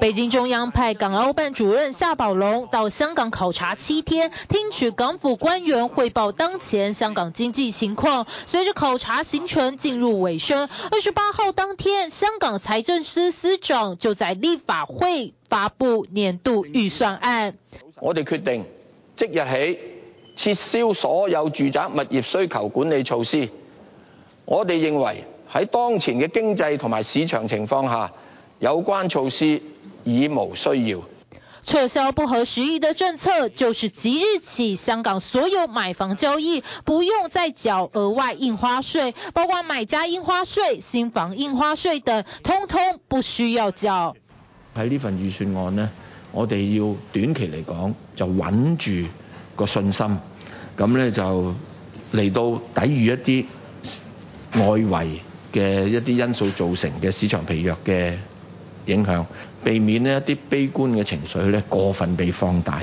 北京中央派港澳辦主任夏寶龍到香港考察七天，聽取港府官員匯報當前香港經濟情況。隨着考察行程進入尾聲，二十八號當天，香港財政司司長就在立法會發布年度預算案。我哋決定即日起撤銷所有住宅物業需求管理措施。我哋認為喺當前嘅經濟同埋市場情況下，有關措施，已無需要撤銷不合時宜的政策，就是即日起，香港所有買房交易不用再繳額外印花稅，包括買家印花稅、新房印花稅等，通通不需要交。喺呢份預算案呢，我哋要短期嚟講就穩住個信心，咁咧就嚟到抵禦一啲外圍嘅一啲因素造成嘅市場疲弱嘅影響。避免呢一啲悲觀嘅情緒呢過分被放大。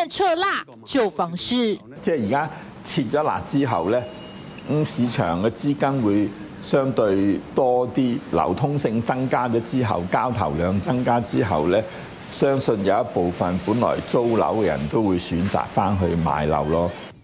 撤辣就房市，即係而家撤咗辣之後咧，咁市場嘅資金會相對多啲，流通性增加咗之後，交投量增加之後咧，相信有一部分本來租樓嘅人都會選擇翻去買樓咯。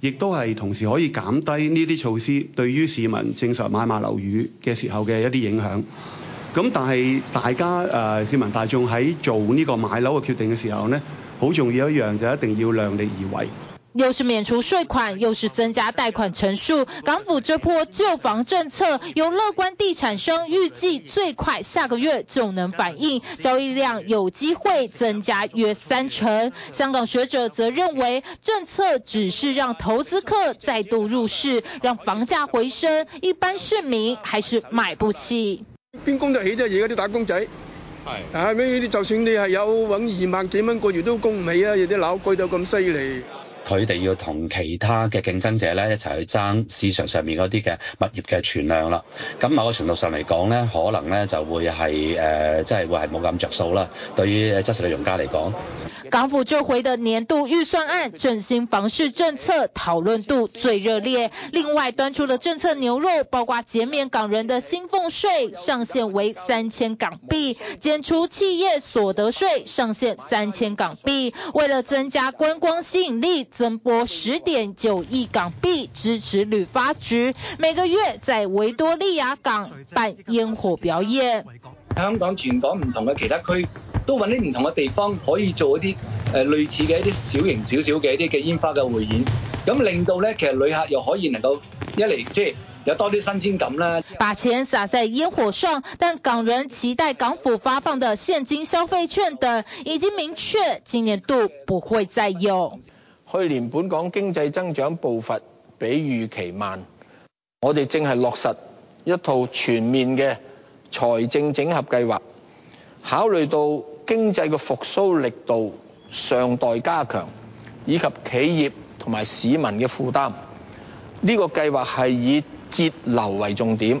亦都係同時可以減低呢啲措施對於市民正常買賣樓宇嘅時候嘅一啲影響。咁但係大家、呃、市民大眾喺做呢個買樓嘅決定嘅時候呢，好重要一樣就一定要量力而為。又是免除稅款，又是增加貸款陳述。港府這波救房政策，有樂觀地產商預計最快下個月就能反映交易量，有機會增加約三成。香港學者則認為，政策只是讓投資客再度入市，讓房價回升，一般市民還是買不起。邊供得起啫？而家啲打工仔對、啊，就算你係有搵二萬幾蚊個月都供唔起啊！有啲樓貴到咁犀利。佢哋要同其他嘅競爭者咧一齊去爭市場上面嗰啲嘅物業嘅存量啦，咁某個程度上嚟講咧，可能咧就會係誒，即、呃、係會係冇咁着數啦，對於質素嘅用家嚟講。港府這回的年度預算案，振興房市政策討論度最熱烈。另外端出嘅政策牛肉，包括減免港人嘅薪俸稅上限為三千港幣，減除企業所得稅上限三千港幣。為了增加觀光吸引力，增撥十點九億港幣支持旅發局，每個月在維多利亞港辦煙火表演。香港全港唔同嘅其他區都揾啲唔同嘅地方可以做一啲誒、呃、類似嘅一啲小型少少嘅一啲嘅煙花嘅匯演，咁令到呢，其實旅客又可以能夠一嚟即係有多啲新鮮感啦。把錢撒在煙火上，但港人期待港府發放嘅現金消費券等，已經明確今年度不會再有。去年本港經濟增長步伐比預期慢，我哋正係落實一套全面嘅財政整合計劃。考慮到經濟嘅復甦力度尚待加強，以及企業同埋市民嘅負擔，呢個計劃係以節流為重點。